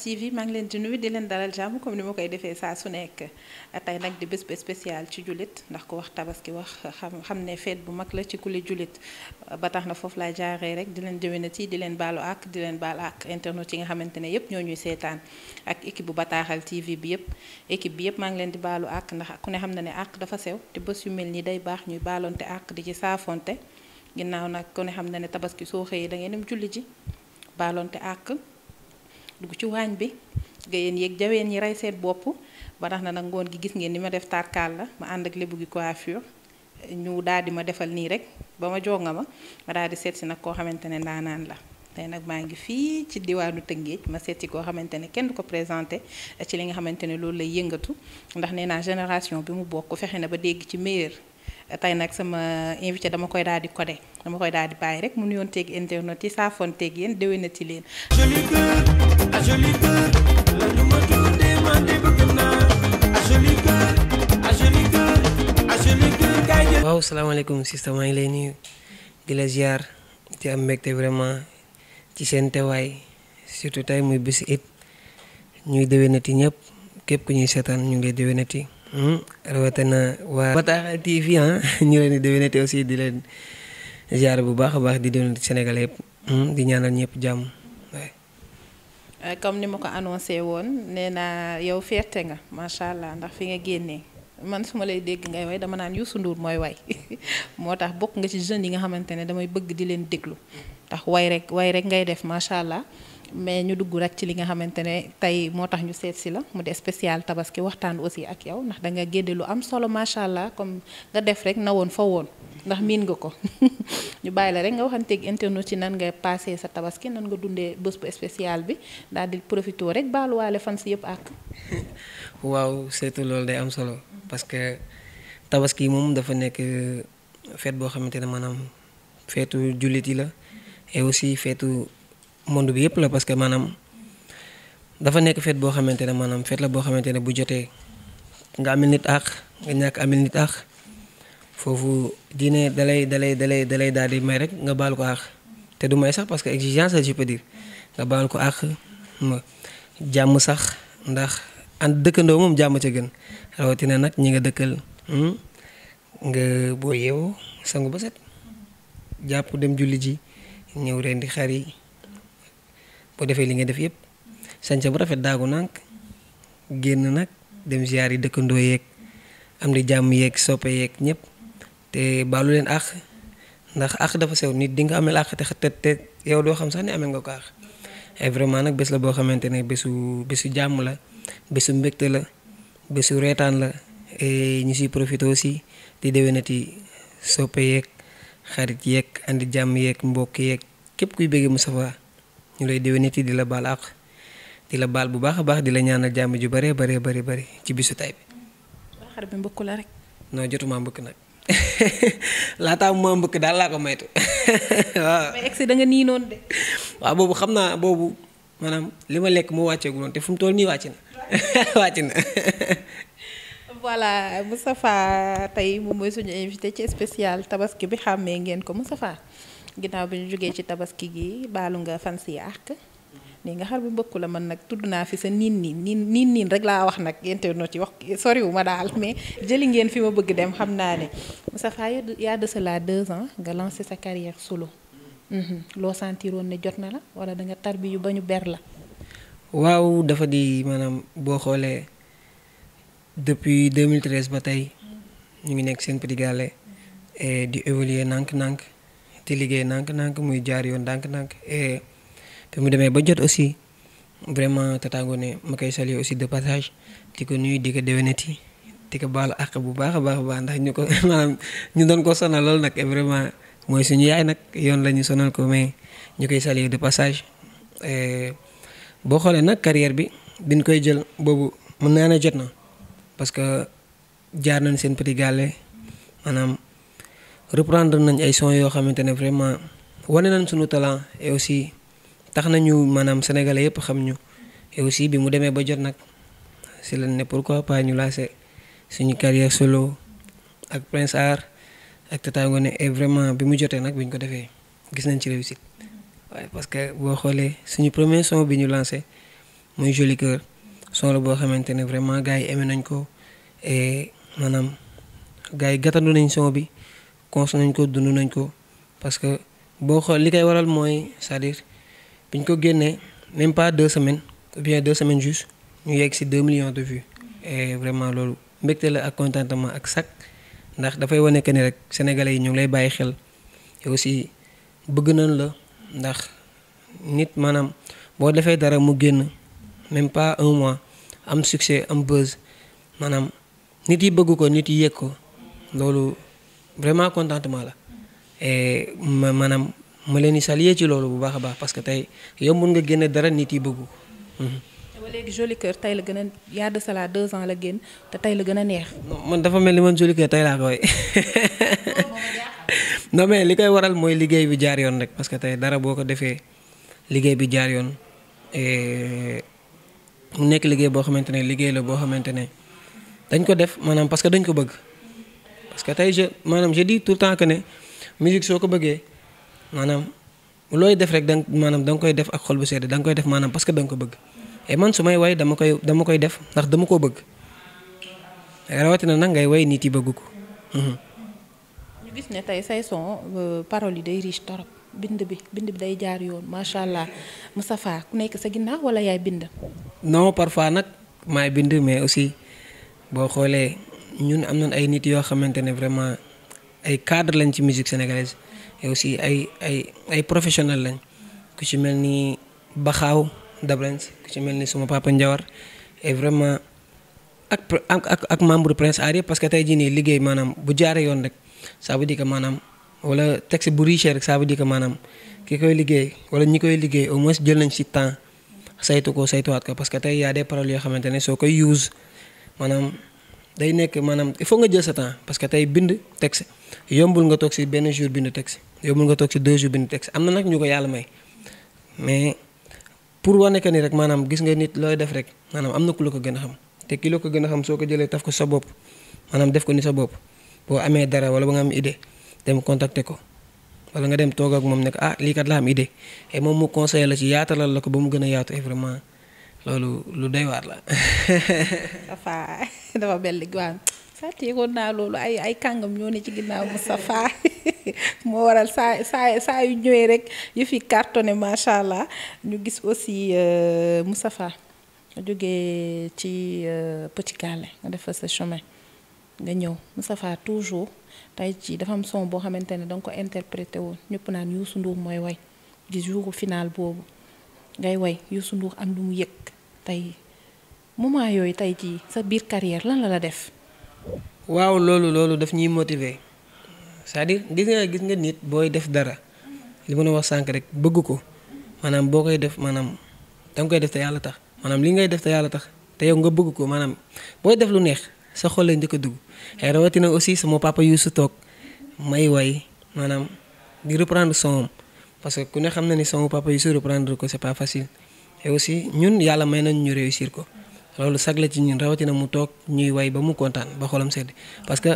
TV maa ngi leen di nuyu di leen dalal jàmm comme ni ma koy defee saa su nekk tey nag di bés bu spécial ci jullit ndax ko wax tabaski wax xam xam ne feet bu mag la ci kuli jullit ba tax na foofu laa jaaree rek di leen déwénati di leen baalu ak di leen baal ak internet yi nga xamante ne yëpp ñoo ñuy seetaan ak équipe bu bataaxal TV bi yëpp équipe bi yëpp maa ngi leen di baalu ak ndax ku ne xam na ne ak dafa sew te bés yu mel nii day baax ñuy baalonte ak di ci saafonte ginnaaw nag ku ne xam na ne tabaski soo xëyee da ngeen dem julli ji baalonte ak dugg ci waañ bi gayeen yeeg jaween yi rey seet bopp ba na nag ngoon gi gis ngeen ni ma def tarkaal la ma ànd ak lébu gi coiffure ñu daal di ma defal nii rek ba ma jonga ma ma daal di seet si nag koo xamante ne ndaanaan la tey nag maa ngi fii ci diwaanu Tëngéej ma seet koo xamante ne kenn du ko présenté ci li nga xamante ne loolu lay yëngatu ndax nee naa génération bi mu bokk fexe na ba dégg ci meilleur tey nag sama invité dama koy daal di codé dama koy daal di bàyyi rek mu nuyoon teeg internet yi saafoon teeg yéen déwénati leen. joli cœur a joli cœur la salaamaaleykum sista maa ngi lay nuyu di la vraiment ci seen teewaay surtout tey muy bési it ñuy déwénati ñëpp képp ku ñuy seetaan ñu ngi lay Hmm, rawatina waa Bataaxal TV ah ñu leen di déwénee te aussi di leen ziar bu baax a baax di déwénee Sénégal yëpp hmm, di ñaanal ñëpp jàmm. Euh, comme ni ma ko annoncé woon nee naa yow feerte nga macha allah ndax fi nga génnee man su ma lay dégg ngay way dama naan Youssou nduur mooy way moo tax bokk nga ci jeunes yi nga xamante ne damay bëgg di leen déglu ndax way rek way rek ngay def macha allah. mais ñu dugg rek ci li nga xamante ne tey moo tax ñu seet si la mu di spécial tabaski waxtaan aussi ak yow ndax da gédde lu am solo macha allah comme nga def rek na woon fa woon ndax miin nga ko ñu bàyyi la rek nga waxanteeg internet ci nan nga passé sa tabaski nan nga dundee bés bu spécial bi daal di profité rek baaluwaale fan si yëpp ak waaw surtout loolu day am solo parce que tabaski moom dafa nekk euh, fête boo xamante ne maanaam feetu jullit yi la monde bi yépp la parce que maanaam dafa nekk fête boo xamante ne maanaam fête la boo xamante ne bu jotee nga amil nit ak nga ñàkk amil nit ak foofu diine dalay dalay dalay dalay daal di may rek nga baal ko ak te du may sax parce que exigence la je peux dire nga baal ko ak ma jàmm sax ndax ànd dëkkandoo moom jàmm ca gën rawatina nag ñi nga dëkkal hmm, nga boo yeewoo sangu ba set jàpp dem julli ji ñëw rendi xar yi bo defé li nga def yëpp sañca bu rafet daagu nànk génn nak dem ziyaar yi dëkkandoo yeeg am di jamm yeeg soppe yeeg ñëpp te balulin leen àq ndax àq dafa sew nit di nga amel àq te te te yow do xam sax ni amé nga ko àq ay vraiment nak bës la bo xamanténé ne bësu jamm la bësu mbékté la bësu rétan la ñi ci profité aussi di déwénati soppe yeeg xarit yeeg andi jamm yeeg mbokk yeeg képp kuy Moustapha ñu lay niti di la bal ak di la bal bu baax baax di la ñaanal jamm ju bare bare bare bare ci bisu tay bi xar bi mbëkk la rek non jotuma nak la taw mo mbëkk dal la ko maytu mais ex da nga ni non de wa bobu xamna bobu manam lima lek ma wacce gu non te fum tol ni wacce na wacce na voilà Moustapha tay mo moy suñu invité ci spécial tabaski bi xamé ngeen ko Moustapha ginaaw biñu joggé ci tabaski gi balu nga fan si àq ni nga xar bu mbëkku la man nak tuduna fi sa nin nin nin nin rek la wax nak yenté no ci wax wu ma dal mais jëli ngeen fi ma bëgg dem xamna né ne Moustapha ya de y'a cela 2 ans nga lancer sa carrière solo mhm. loo sentiroon ne jot na la wala da nga tarbi yu bañu ber la waaw dafa di manam bo xolé depuis 2013 ba tey ñu ngi nek seen petit galé et di évoluer nank nank di liggéey ndànk-ndànk muy jaar yoon ndànk-ndànk et eh, fi mu demee ba jot aussi vraiment Tata ne ma koy saluer aussi de passage di ko nuyu di ko déwénati di ko baalu àq bu baax a baax a baax ndax ñu ko maanaam ñu doon ko sonal lool nag et vraiment mooy suñu yaay nag yoon la ñu sonal ko mais ñu koy saluer de passage eh, boo xoolee nag carrière bi biñ koy jël boobu mën naa ne jot na parce que jaar nañ seen petit gàlle maanaam. reprendre nañ ay son yoo xamante ne vraiment wane nañ sunu talent et aussi tax nañu maanaam sénégalais yépp xam ñu et aussi bi mu demee ba jot nag si lañ ne pourquoi pas ñu lancé suñu carrière solo ak prince art ak tata ngone et vraiment bi mu jotee nag biñ ko defee gis nañ ci réussite waaye parce que boo xoolee suñu premier son bi ñu lancé muy joli cœur son la boo xamante ne vraiment gars yi aimé nañ ko et manam gars yi gàttandu nañ son bi parce que boo xool li koy waral c'est-à-dire biñ ko même pas deux semaines ou bien deux semaines juste ñu yegg deux millions de vues et vraiment loolu mbégte la ak contentement ak sac ndax dafay que ni rek sénégalais yi ñu lay et aussi bëgg nañ la ndax nit dara mu même pas un mois am succès am buzz maanaam nit yi bëgg ko nit yi vraiment contentement la et ma maanaam ma leen di saluer ci loolu bu baax a baax parce que tey yow mun nga génn dara nit yi bëggu mhm. ba léegi Joli tey la gën a yaa de cela la génn te tey la gën a neex. man dafa mel ni man Joli Cœur tey laa koy non mais li koy waral mooy liggéey bi jaar yoon rek parce que tey dara boo ko defee liggéey bi jaar yoon mu nekk liggéey boo xamante ne liggéey la boo xamante ne dañ ko def maanaam parce que dañ ko bëgg. parce que tey je maanaam je dis tout temps que ne musique soo ko bëggee maanaam looy def rek da maanaam da koy def ak xol bu sedd da nga koy def maanaam parce que da nga ko bëgg may way dama koy dama koy def ndax dama koo bëgg rawatina nag ngay way nit yi bëgg ko. Mhm. ñu gis tey say son euh, paroles yi day riche torop bind bi bind bi day jaar yoon macha allah Moustapha ku nekk sa ginnaaw wala yaay bind. non parfois nag maay bind mais aussi boo xoolee. ñun am nañ ay nit yoo xamante vraiment ay cadre lañ ci musique sénégalaise et aussi ay ay ay professionnel lañ ku ci mel ni baxaaw dabrens ku ci mel ni suma papa njawar et vraiment ak ak ak membre prince arie parce que tay jii nii manam bu jaaré yoon rek ça veut dire que manam wala texte bu riche rek ça veut dire que manam ki koy liggéey wala ñi koy liggéey au moins jël nañ ci temps saytu ko wat ko parce que tey y a des paroles yo xamantene koy use manam day nekk maanaam il faut nga jël sa temps parce que tey bind texte yombul nga toog si benn jour bind texte yombul nga toog si deux jours bind texte am na nag ñu ko yàlla may mais pour wane que ni rek maanaam gis nga nit looy def rek maanaam am na ku la ko gën a xam te kilo ko gën a xam soo ko jëlee taf ko sa bopp maanaam def ko ni sa bopp boo amee dara wala ba nga am idée dem contacter ko wala nga dem toog ak moom ne ah lii kat la am idée et moom mu conseillé la ci yaatalal la ko ba mu gën a yaatu et loolu lu doy war la. Moustapha dafa mel ni waaw saa teegoon naa loolu ay ay kangam ñoo ne ci ginnaaw Moustapha mo waral sa sa saa yu ñëwee rek yu fi cartonné macha allah ñu gis aussi euh Moustapha nga jógee ci euh, Petit Gallé nga def sa chemin nga ñëw Moustapha toujours tay ci dafa am son bo xamante ne danga ko interprété woon ñëpp naan Youssou Ndour moy way gis jour final bobu ngay way Youssou Ndour am lu mu yëg. tay moment yooyu tay ci sa biir carrière lan la la def. waaw loolu loolu daf ñuy motiver c'est-à-dire gis nga gis nga nit booy def dara li ma la wax sànq rek bëgg ko maanaam boo koy def maanaam da nga koy def te yàlla tax maanaam li ngay def te yàlla tax te yow nga bëgg ko maanaam booy def lu neex sa xol lay njëkk a dugg xëy rawatina aussi sama papa Youssou toog may way maanaam di reprendre son parce que ku ne xam na ni son papa Youssou reprendre ko c'est pas facile. et aussi ñun yàlla may nañ ñu réussir ko loolu sag la ci ñun rawatina mu toog ñuy way ba mu kontaan ba xolam sedd parce que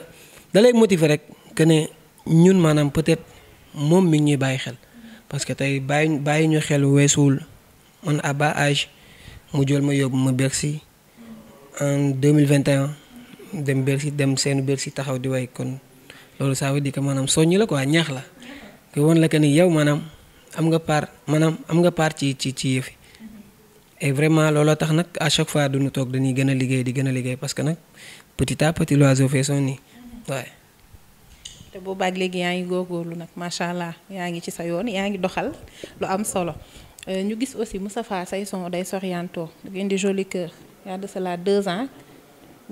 da lay rek que ne ñun maanaam peut-être moom mi ñuy bàyyi xel. parce que tey bàyyi bàyyi ñu xel weesuwul man à bas âge mu jël ma yóbbu ma Bercy en deux mille vingt et un dem Bercy dem seenu Bercy taxaw di way kon loolu ça veut ko que maanaam soññi la quoi ñaax la. te woon la que ni yow maanaam am nga part maanaam am nga part ci ci ci yëfi et vraiment looloo tax nag à chaque fois duñu toog dañuy gëna liggéey di gën a liggéey parce que nag petit à petit l'oiseau fait son nid waaye. te boobaag léegi yaa ngi góorgóorlu nag macha allah yaa ngi ci sa yoon yaa ngi doxal lu am solo euh, ñu gis aussi Moustapha say son day soriantoo di indi joli cœur y a de ans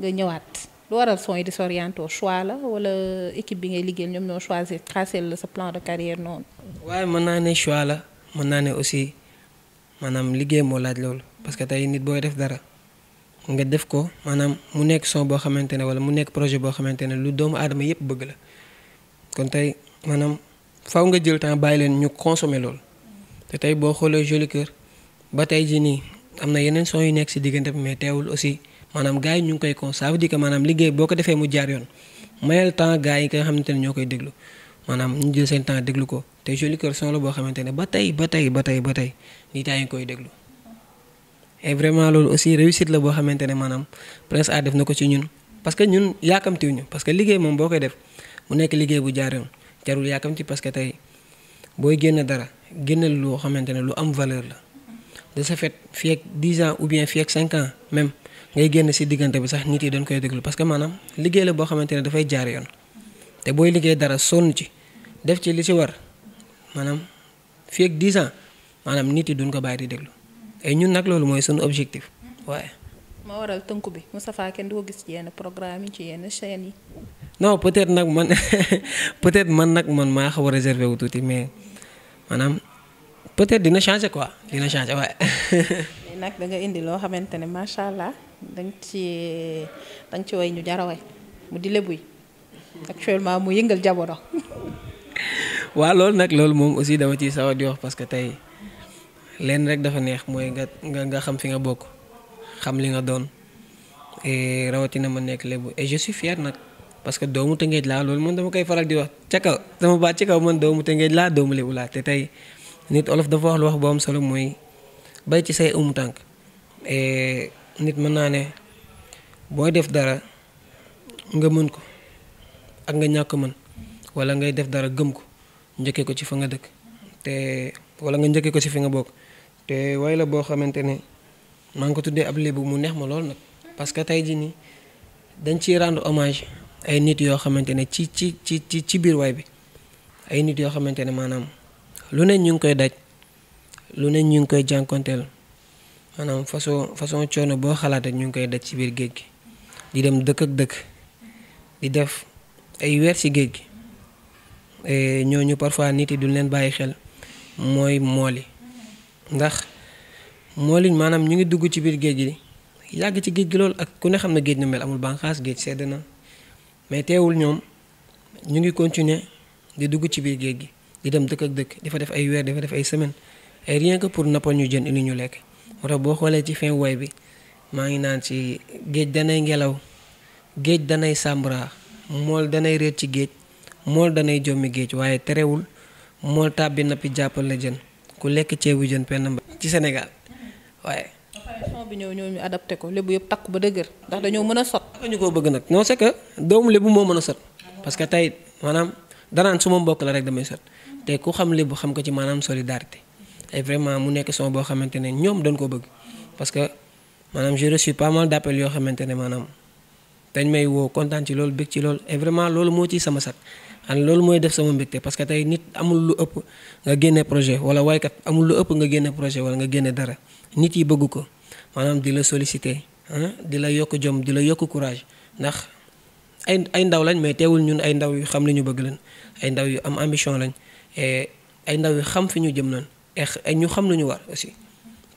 nga ñëwaat. lu waral son yi di sorianto choix la wala équipe bi ngay liggéeyal ñoom ñoo choisir tracer la sa plan de carrière noonu. waaye mën naa ne choix mën naa ne aussi manam liggéey moo laaj loolu parce que tey nit booy def dara nga def ko manam mu nekk son boo xamante ne wala mu nekk projet boo xamante ne lu doomu aadama yépp bëgg la kon tey manam faw nga jël temps bàyyi leen ñu consommer loolu te tey boo xoolee Joli Cœur ba tey ji nii am na yeneen son yu nekk si diggante mais teewul aussi manam gars yi ñu ngi koy con ça veut dire que manam liggéey boo ko defee mu jaar yoon mayal temps gars yi nga xamante ne ñoo déglu manam ñu jël seen temps déglu ko te Joli Kër son la boo xamante ne ba tey ba tey ba tey ba tey nit yaa ngi koy déglu e vraiment loolu aussi réussit la boo xamante ne maanaam Prince Art def na ko ci ñun parce que ñun yaakamtiw ñu parce que liggéey moom boo koy def mu nekk liggéey bu jaar yoon jarul yaakamti parce que tey booy génn dara génnal loo xamante ne lu am valeur la de ce fait fii ak 10 ans ou bien fii ak 5 ans même ngay génn si diggante bi sax nit yi dañ koy déglu parce que maanaam liggéey la boo xamante ne dafay jaar yoon te booy liggéey dara sonn ci def ci li ci war. maanaam fii ak 10 ans maanaam nit yi duñ ko bàyyi di déglu et ñun nag loolu mooy suñu objectif waaye. ma waral tënku bi Moustapha kenn du ko gis ci yenn programme yi ci yenn chaine yi. non peut-être nag man peut-être man nag man maa xaw a réservé wu tuuti mais maanaam peut-être dina changer quoi dina changer waaye. mais nag da nga indi loo xamante ne macha allah da nga ci da ci way ñu jar a way mu di lebuy actuellement mu yëngal jabono. wa lol nak lol mom aussi dama ci sawa di wax parce que tay len rek dafa neex moy nga nga xam fi nga bok xam li nga don et na ma nek lebu et je suis fier nak parce que doomu tëngeej laa lol mom dama kay faral di wax ci kaw dama ba ci kaw man doomu tëngeej laa doomu lebu la te tay nit olof dafa wax lu wax bom solo moy bay ci say umu tank et nit man na ne boy def dara nga mën ko ak nga ñak man wala ngay def dara gëm ko njëkkee ko ci fa nga dëkk te wala nga njëkkee ko ci fi nga bokk te way la boo xamante ne maa ngi ko tuddee ab lébu mu neex ma lool nag parce que tey jii nii dañ ciy rendre hommage ay nit yoo xamante ne ci ci ci ci ci biir waay bi ay nit yoo xamante ne maanaam lu ne ñu ngi koy daj lu ne ñu ngi koy jànkonteel maanaam façon façon coono boo xalaatee ñu ngi koy daj ci biir géej gi di dem dëkk ak dëkk di def ay weer ci géej gi Eh, ñooñu parfois nit yi duñ leen bàyyi xel mooy mooli ndax mooliñ maanaam ñu ngi dugg ci biir géej gi yàgg ci géej gi loolu ak ku ne xam ne géej na mel amul bànqaas géej sedd na mais teewul ñoom ñu ngi continuer di dugg ci biir géej gi di dem dëkk ak dëkk dafa def ay weer dafa def ay semaine ay rien que pour nappal ñu jën indi ñu lekk moo boo xoolee ci fin woy bi maa ngi naan si géej danay ngelaw géej danay sàmbra mool danay réet ci géej mool danay jommi géej waaye terewul mool tàbbi nappi jàppal la jën ku lekk ceebu jën penn mba ci Sénégal waaye. son bi ñëw ñëw ñu adapté ko lépp yëpp takk ba dëgër ndax dañoo mën a sot. ñu ko bëgg nag non c'est que doomu lébu moo mën a sot parce que tey maanaam danaan su mbokk la rek damay sot te ku xam lébu xam ko ci maanaam solidarité et vraiment mu nekk son boo xamante ne ñoom dañ ko bëgg parce que maanaam j'ai reçu pas mal d'appels yoo xamante ne maanaam dañ may woo kontaan ci loolu bëgg ci loolu et loolu moo ciy sama sat an loolu mooy def sama mbégte parce que tey nit amul lu ëpp nga génne projet wala waykat amul lu ëpp nga génne projet wala nga génne dara nit yi bëgg ko maanaam di la solicité di la yokk jom di la yokk courage ndax ay ay ndaw lañ mais teewul ñun ay ndaw yu xam li bëgg lañ ay ndaw yu am ambition lañ ay ndaw yu xam fi ñu jëm lañ ay ñu xam lu ñu war aussi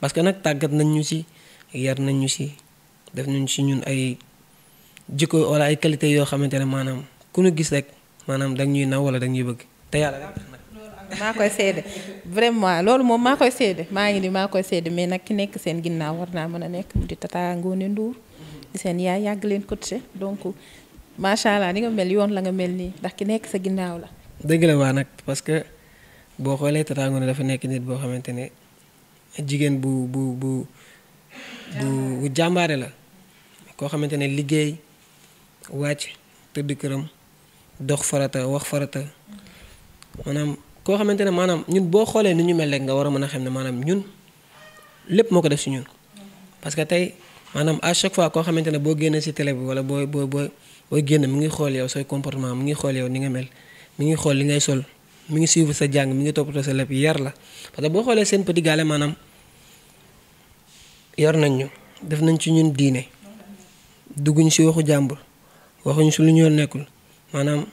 parce que nag tàggat nañ ñu si yar nañ ñu si def nañ si ñun ay jikko wala ay qualité yoo xamante ne maanaam ku ñu gis rek. maanaam da ñuy naw wala da ñuy bëgg te yàlla rek tax nag. maa koy seede vraiment loolu moom maa koy seede maa ngi ni maa koy seede mais nag ki nekk seen ginnaaw war naa mën a nekk mu di Tata Ngoné Ndour di seen yaay yàgg leen coaché donc macha allah ni nga mel yoon la nga mel nii ndax ki nekk sa ginnaaw la. dëgg la waa nag parce que boo xoolee Tata Ngoné dafa nekk nit boo xamante ne jigéen bu bu bu bu bu jàmbaare la koo xamante ne liggéey wàcc tëdd këram. dox farata wax farata manam ko xamantene manam ñun bo xolé ni ñu mel nga wara mëna mën manam ñun lepp moko ko def ci ñun parce que tay manam à chaque fois ko xamantene bo génné ci télé bi wala bo bo bo bo génné mi ngi xol yow soy comportement mi ngi xol yow ni nga mel mi ngi xol li ngay sol mi ngi suivre sa jang mi ngi sa lepp yar la parce que bo xolé seen petit galé manam yar nañ ñu def nañ ci ñun diiné duguñ ci waxu jambul waxuñ lu ñu nekkul maanaam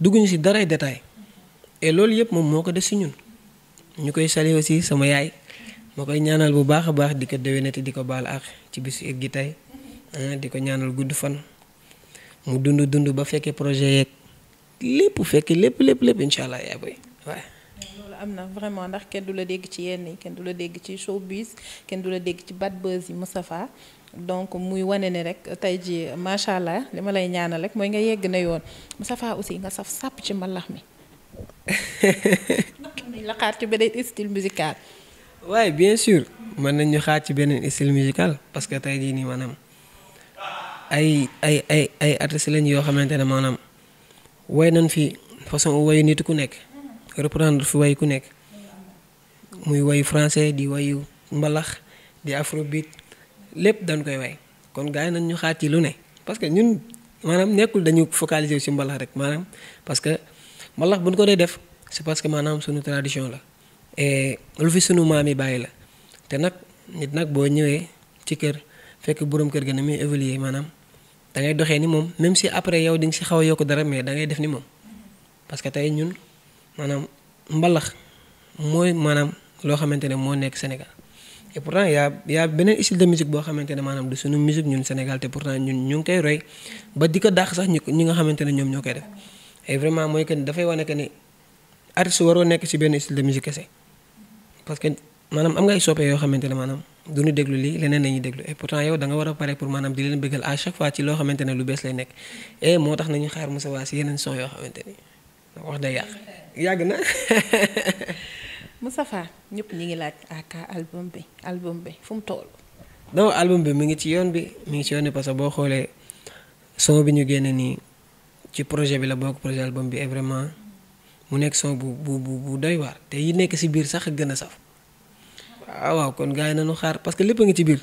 dugguñu si daray détail et loolu yëpp moom moo ko def si ñun ñu koy sali aussi sama yaay moo koy ñaanal bu baax a baax di ko déwénati di ko baal ak ci bisu it gi tey ah, di ko ñaanal gudd fan mu dund dund ba fekkee projet yeeg lépp fekkee lépp lépp lépp incha allah yaa bay waaye loolu am na vraiment ndax kenn du la dégg ci yenn yi kenn du la dégg ci showbiz kenn du la dégg ci bad buzz yi Moustapha donc muy wane rek tey ji macha allah li ma lay ñaanal rek mooy nga yegg na yoon Moustapha aussi nga saf sàpp ci mbalax mi la xaar ci style musical waaye bien sûr mana nañ ñu xaar ci beneen style musical parce que tey jii nii maanaam ay ay ay ay artistes lañ yoo xamante ne way nañ fi façon wayu nit ku nekk reprendre fi way ku nekk muy wayu français di wayu mbalax di afrobeat lepp dañ koy way kon gaay nañ ñu xaat ci lu ne parce que ñun manam nekkul dañu focaliser ci mbalax rek manam parce que mbalax buñ ko def c'est parce que manam suñu tradition la et lu fi suñu maam yi la té nak nit nak bo ñëwé ci kër fekk borom kër gëna mi évoluer manam da ngay doxé ni mom même si après yow di ci si xaw a dara mais da ngay def ni mom parce que tay ñun manam mbalax moy manam lo xamantene mo nekk et pourtant y' a y' beneen style de musique boo xamante ne maanaam du suñu musique ñun Sénégal te pourtant ñun ñu ngi koy roy ba di ko dàq sax ñi nga xamante ne ñoom ñoo koy def et vraiment mooy que dafay wane que ni artiste waroo nekk ci benn style de musique kese parce que maanaam am nga ay soppe yoo xamante ne maanaam du ñu déglu lii leneen la ñuy déglu et pourtant yow da nga war a pare pour maanaam di leen bëggal à chaque fois ci loo xamante ne lu bees lay nekk et moo tax nañu xaar Moussa Wass yàgg na. Moustapha ñep ñi ngi laaj aka album bi album bi fum mu toll. non album bi mi ngi ci yoon bi mi ngi ci yoon bi parce que boo xoolee son bi ñu génne nii ci projet bi la bokk projet album bi est vraiment mu nekk son bu bu bu bu doy waar te yi nekk si biir sax gën a saf waaw ah waaw kon gars yi nañu xaar parce que lépp nga ngi ci biir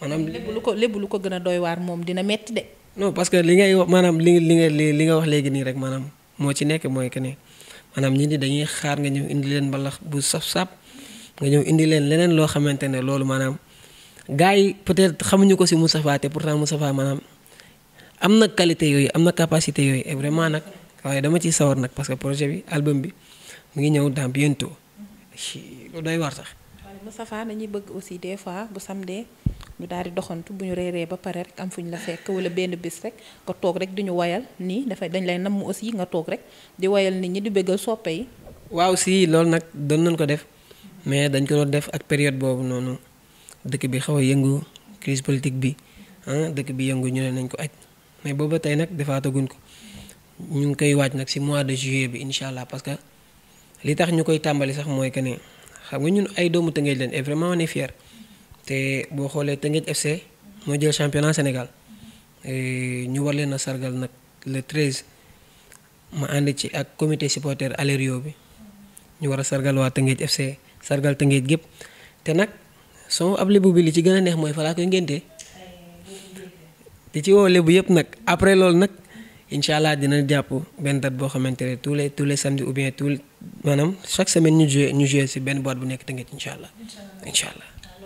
maanaam. lépp lu ko lépp lu ko gën doy waar moom dina metti de. non parce que li ngay wax maanaam li li nga li nga wax léegi nii rek maanaam moo ci nekk mooy que ne. maanaam ñi di dañuy xaar nga ñëw indi leen mbalax bu saf-saf nga ñëw indi leen leneen loo xamante ne loolu maanaam gars yi peut-être xamuñu ko si Moustapha te pourtant Moustapha maanaam am na qualité yooyu am na capacité yooyu et vraiment nag waaye dama ciy sawar nag parce que projet bi album bi mu ngi ñëw dans bientôt lu day war sax. Moustapha dañuy bëgg aussi des ñu daal di doxantu bu ñu reeree ba pare rek am fuñ la fekk wala benn bis rek ko toog rek di ñu wayal ni dafay dañ lay namm aussi nga toog rek di wayal nit ñi di bëggal soppe yi. waaw si loolu nag doon nañ ko def mais dañ ko doon def ak période boobu noonu dëkk bi xaw a yëngu crise politique bi ah dëkk bi yëngu ñu ne nañ ko aj mais booba tey nag defaataguñ ko ñu ngi koy waaj nag si mois de juillet bi incha allah parce que li tax ñu koy tàmbali sax mooy que ne xam nga ñun ay doomu tëngéej leen et vraiment on est fier te boo xoolee Teungueth FC moo jël championnat Sénégal ñu war leen a sargal nag le 13 ma ànd ci ak comité supporter Alerio bi ñu war a sargal waa Teungueth FC sargal Teungueth gépp te nag son ab lébu bi li ci gën a neex mooy falaa koy ngénte li ci woo lébu yëpp nag après loolu nag incha allah dina jàpp benn date boo xamante ne tous les tous les samedis ou bien tous maanaam chaque semaine ñu joué ñu joué si benn boîte bu nekk Teungueth incha allah incha allah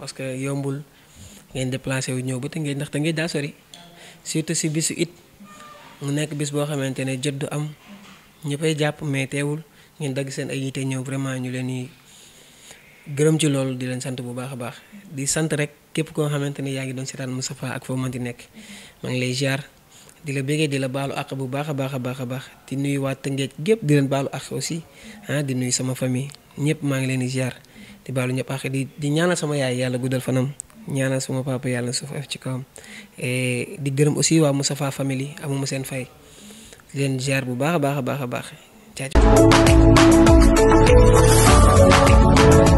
parce que yombul ngay déplacer wu ñëw ba te ndax ndaxte ngay da sori surtout si bisu it mu nek bis bo xamantene am ñepay japp mais teewul ngeen dag seen ay yité ñew vraiment ñu leen gërëm ci lool di leen sante bu baaxa baax di sante rek képp ko xamantene yaangi yaa ngi doon Moustapha ak fo mën di nek ma ngi lay ziar di la di la baalu ak bu baaxa baaxa baaxa baax di nuyu waa gépp di leen baalu ak aussi ah di nuyu sama famille ñepp ma ngi leen di ziar di baalu ñëpp àq di di ñaanal sama yaay yàlla guddal fanam ñaanal sama papa yàlla suuf ci kawam e, di gërëm aussi waa Moustapha famille amuma seen fay leen ziar bu baax a baax a baax a baax.